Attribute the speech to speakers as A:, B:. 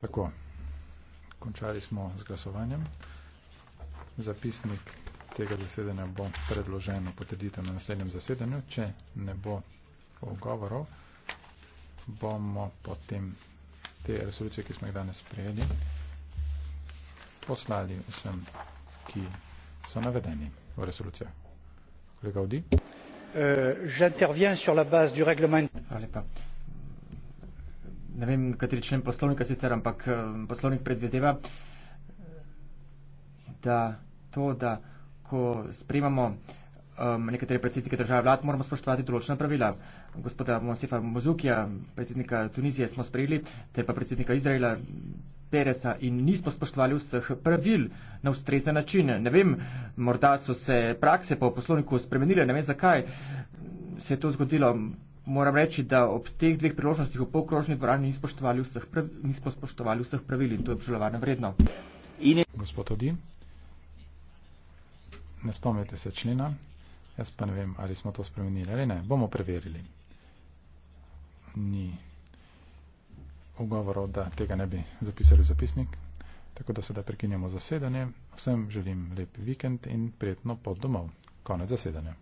A: Tako. Končali smo z glasovanjem. Zapisnik tega zasedanja bo predložen v potreditev na naslednjem zasedanju. Če ne bo ogovorov, bomo potem te resolucije, ki smo jih danes sprejeli, poslali vsem, ki so navedeni v resolucijah. Kolega Vdi.
B: Uh, j'interviens sur la base du règlement.
C: Allez pas ne vem, kateri člen poslovnika sicer, ampak eh, poslovnik predvideva, da to, da ko sprejemamo um, nekatere predsednike države vlad, moramo spoštovati določena pravila. Gospoda Mosefa Mozukija, predsednika Tunizije, smo sprejeli, te pa predsednika Izraela. Peresa in nismo spoštovali vseh pravil na ustrezen način. Ne vem, morda so se prakse po poslovniku spremenile, ne vem zakaj se je to zgodilo, Moram reči, da ob teh dveh priložnostih v polkrožni dvorani nismo spoštovali vseh, nismo spoštovali vseh pravil in to je obžalovano vredno. In... Gospod Odin,
A: ne spomnite se člena, jaz pa ne vem, ali smo to spremenili ali ne. Bomo preverili. Ni ugovorov, da tega ne bi zapisali v zapisnik. Tako da sedaj prekinjamo zasedanje. Vsem želim lep vikend in prijetno pot domov. Konec zasedanja.